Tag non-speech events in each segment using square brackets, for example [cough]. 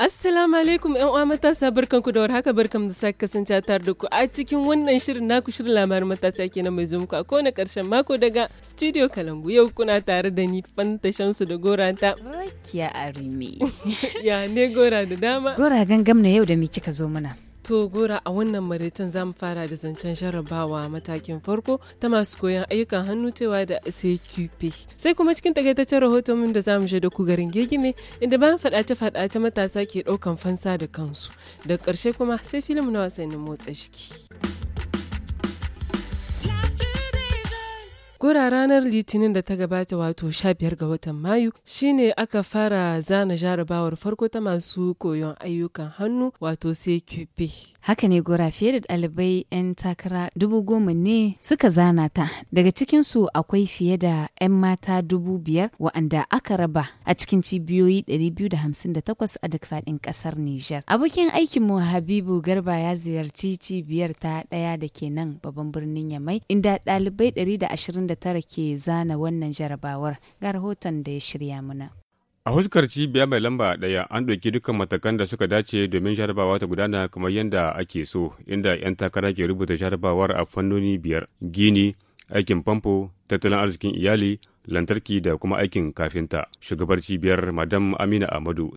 Assalamu alaikum ƴan uwa matasa barkanku da warhaka barkanmu da sake kasance tare da ku a cikin wannan shirin naku shirin labarin matasa kenan mai zuwa ko kowane karshen mako daga studio Kalambu yau kuna tare da ni fantashan su da gora ta Rakiya Arimi. [laughs] ya ne gora da dama. Gora gangam na yau da me kika zo mana? To gora a wannan maraicin za mu fara da zancen jarabawa matakin farko ta masu koyon ayyukan hannu cewa da CQP. Sai kuma cikin takaitaccen rahoton mun da zamu da ku garin gegime inda bayan faɗace faɗace matasa ke ɗaukan fansa da kansu. Da ƙarshe kuma sai filin na wasannin motsa shiki. gura ranar Litinin da ta gabata wato 15 ga watan Mayu shine aka fara zana jarabawar farko ta masu koyon ayyukan hannu wato CQP. Haka ne gora fiye da ɗalibai 'yan takara dubu goma ne suka zana ta. Daga cikinsu akwai fiye da 'yan mata dubu biyar wa'anda aka raba a cikin cibiyoyi 258 a duk faɗin ƙasar Nijar. Abokin aikinmu Habibu Garba ya ziyarci cibiyar ta ɗaya da ke nan babban birnin Yamai inda ɗalibai 120 29 ke zana wannan jarabawar ga rahoton da ya shirya muna. A huskar cibiya mai lamba ɗaya an ɗauki dukkan matakan da suka dace domin jarabawa ta gudana kamar yadda ake so, inda 'yan takara ke rubuta jarabawar a fannoni biyar, gini, aikin famfo, tattalin arzikin iyali, lantarki da kuma aikin kafinta shugabar cibiyar madam amina amadu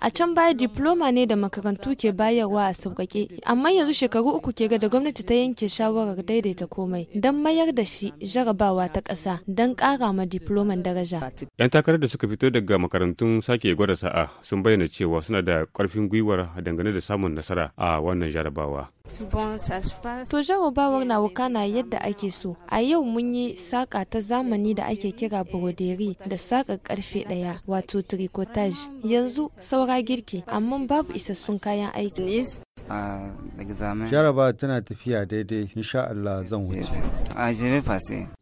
a can baya diploma ne da makarantu ke bayarwa a sauƙaƙe amma yanzu shekaru uku ke ga da gwamnati ta yanke shawarar daidaita komai don mayar da shi jarabawa ta ƙasa don ƙara ma diploman daraja yan takarar da suka fito daga makarantun sake gwada sa'a sun bayyana cewa suna da ƙarfin gwiwar dangane da samun nasara a wannan jarabawa to jarabawar na wuka na yadda ake so a yau mun yi saƙa ta zamani da ake kira kira broderi da saƙar karfe ɗaya wato tricotage yanzu saura girki amma babu isassun kayan aiki Uh, Jaraba tana tafiya daidai, insha Allah zan wuce.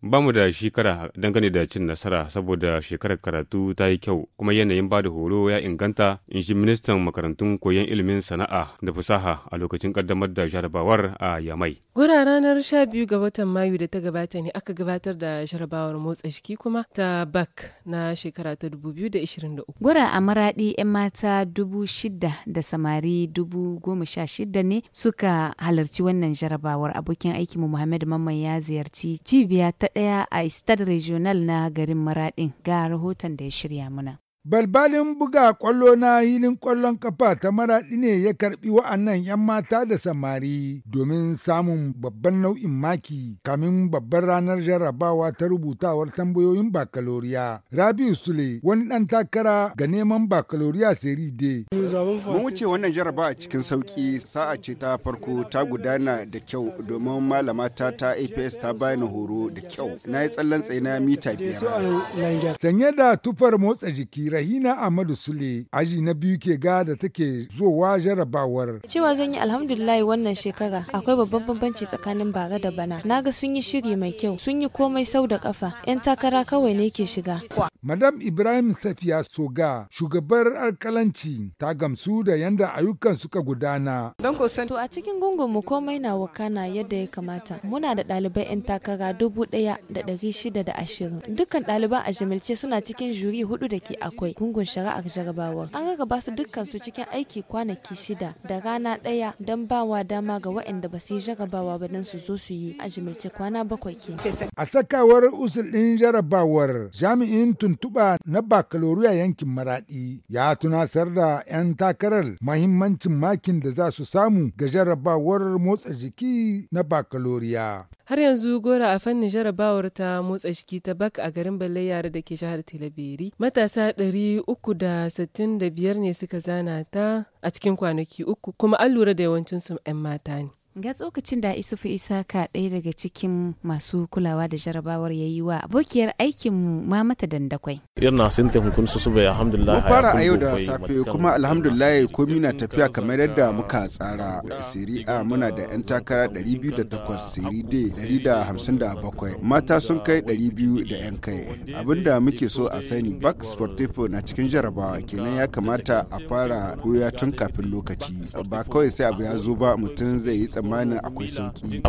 Ba mu da shekara dangane da cin nasara saboda shekarar karatu ta yi kyau kuma yanayin ba da horo ya inganta in shi ministan makarantun koyon ilimin sana'a da fusaha a lokacin kaddamar da jarabawar a Yamai. Gura ranar 12 ga watan Mayu da ta gabata ne aka gabatar da jarabawar motsa jiki kuma ta bak na shekara ta 2023. Gura a maraɗi 'yan mata dubu shida da samari dubu goma sha sha shida ne suka halarci wannan jarabawar abokin mu Muhammad Mamman ya ziyarci cibiya ta ɗaya a Stade Regional na garin Maradin ga rahoton da ya shirya muna. Balbalin buga ƙwallo na hilin kwallon kafa ta maraɗi ne ya karɓi wa'annan 'yan mata da samari domin samun babban nau'in maki kamin babbar ranar jarrabawa ta rubutawar tambayoyin bakaloriya. Rabiu Sule wani ɗan takara ga neman bakaloriya seri de. Mun wuce wannan jarrabawa cikin sauƙi sa'a ce ta farko ta gudana da kyau domin malama ta ta APS ta bani horo da kyau. Na yi tsallan tsaye na mita biyar. Sanye da tufar motsa jiki Rahina Ahmadu Sule aji na biyu ke ga da take zowa jarabawar. Cewa zan yi alhamdulillah wannan shekara akwai babban bambanci tsakanin bara da bana. Na ga sun yi shiri mai kyau, sun yi komai sau da kafa, 'yan takara kawai ne ke shiga. Madam Ibrahim Safiya Soga, shugabar alkalanci, ta gamsu da yanda ayyukan suka gudana. To a cikin gungun mu komai na wakana yadda ya kamata. Muna da ɗalibai 'yan takara dubu ɗaya da ɗari shida da ashirin. Dukkan ɗaliban a jimilce suna cikin juri hudu da ke akwai. bakwai gungun shari'ar jarabawa an rarraba su dukkan su cikin aiki kwanaki shida da rana ɗaya don bawa dama ga waɗanda ba su yi jarabawa ba don su zo su yi a jimilce kwana bakwai ke. A sakawar usul ɗin jarabawar jami'in tuntuɓa na bakaloriya yankin maraɗi ya tunasar da 'yan takarar mahimmancin makin da za su samu ga jarabawar motsa jiki na bakaloriya. Har yanzu gora a fannin jarabawar ta motsa jiki ta bak a garin balle yare da ke jihar Tilaberi. Matasa 365 ne suka zana ta a cikin kwanaki uku kuma an lura da yawancinsu 'yan mata ne. Ga tsokacin da Isufu ka ɗaya daga cikin masu kulawa da jarabawar ya yi wa abokiyar aikinmu ma mata dandakwai. Irna sun ta hukun su bai alhamdulillah. Mun fara a yau da safe kuma alhamdulillah komi na tafiya kamar yadda muka tsara. Siri A muna da 'yan takara 208, Siri D 157, mata sun kai 200 da 'yan kai. Abin da muke so a sani Back Sportivo na cikin jarabawa kenan ya kamata a fara goya tun kafin lokaci. Ba kawai sai abu ya zo ba mutum zai yi tsammanin akwai sauki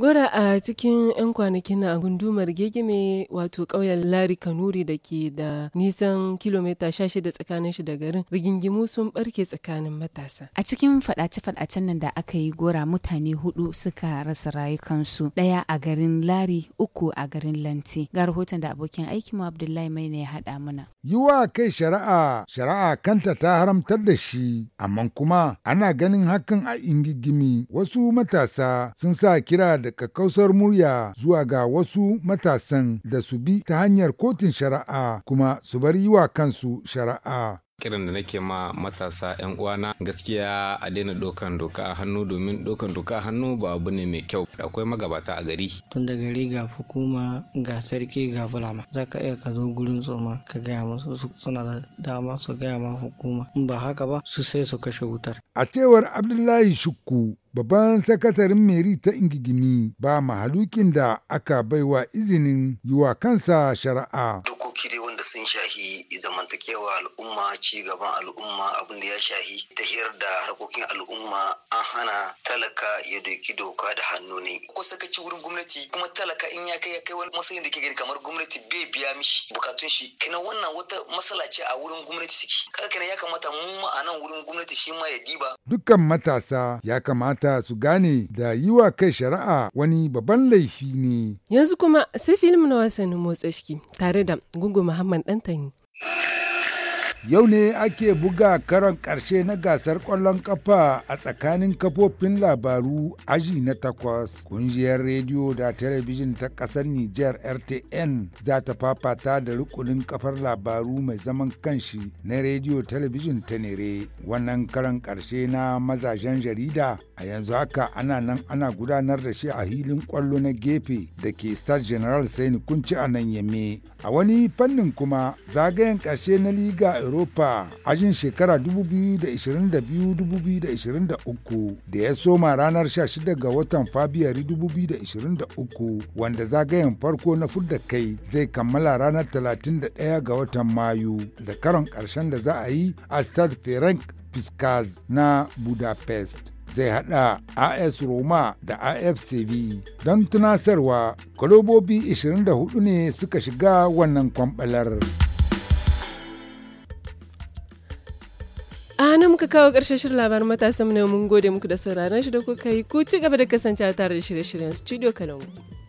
gora a cikin 'yan kwanakin na gundumar gegime wato ƙauyen Lari Kanuri da ke da nisan kilomita 16 tsakanin shi da garin rigingimu sun barke tsakanin matasa. A cikin faɗace-faɗacen nan da aka yi gora mutane hudu suka rasa rayukansu ɗaya a garin Lari uku a garin Lanti. Ga rahoton da abokin aiki mu Abdullahi Mai ne ya haɗa mana. Yiwa kai shari'a shari'a kanta ta haramtar da shi amma kuma ana ganin hakan a ingigimi wasu matasa sun sa kira da da kakkausar murya zuwa ga wasu matasan da su bi ta hanyar kotun shari'a kuma su bar yi wa kansu shari'a. kiran da nake ma matasa 'yan uwana gaskiya a daina dokan doka hannu domin dokan doka hannu ba abu ne mai kyau akwai magabata a gari tun da gari ga hukuma ga sarki ga bulama za ka iya ka zo gurin tsoma ka gaya masu su suna da dama su gaya ma hukuma in ba haka ba su sai su kashe wutar a cewar abdullahi shukku Babban sakataren Mary ta Ingigimi ba mahalukin da aka baiwa izinin yi wa kansa shari'a. dokoki wanda sun shahi zamantakewa al'umma ci gaban al'umma abin da ya shahi ta hiyar da harkokin al'umma an hana talaka ya doki doka da hannu ne ko sakaci wurin gwamnati kuma talaka in ya kai ya kai wani matsayin da ke gani kamar gwamnati bai biya mishi bukatun shi kina wannan wata matsala ce a wurin gwamnati suke kaga ya kamata mu ma a nan wurin gwamnati shi ma ya diba dukkan matasa ya kamata su gane da yi wa kai shari'a wani babban laifi ne yanzu kuma sai film na motsa shiki tare da gungun Muhammad Dantani. Yau ne ake buga karon ƙarshe na gasar kwallon ƙafa a tsakanin kafofin labaru aji na takwas. Ƙungiyar rediyo da talabijin ta ƙasar Nijar RTN za ta fafata da rukunin kafar labaru mai zaman kanshi na rediyo talabijin ta nere. Wannan karon ƙarshe na mazajen jarida a yanzu haka ana nan ana gudanar da shi a hilin ƙwallo na gefe da ke Star General sai ni Kunci a nan Yame. A wani fannin kuma zagayen ƙarshe na Liga Europa ajin shekara 2022-2023 da ya soma ranar 16 ga watan Fabiyari 2023 wanda zagayen farko na fudda kai zai kammala ranar 31 ga watan Mayu da karon ƙarshen da za a yi a Stade Ferenc Piscaz na Budapest. zai hada AS Roma da AFCV don tunasarwa, kalobobi 24 ne suka shiga wannan kwambalar. a nan muka kawo ƙarshen shirin labarin matasan mu mun gode muku da sauraron shi da kuka yi ku ci gaba da kasancewa tare da shirye-shiryen studio kalangu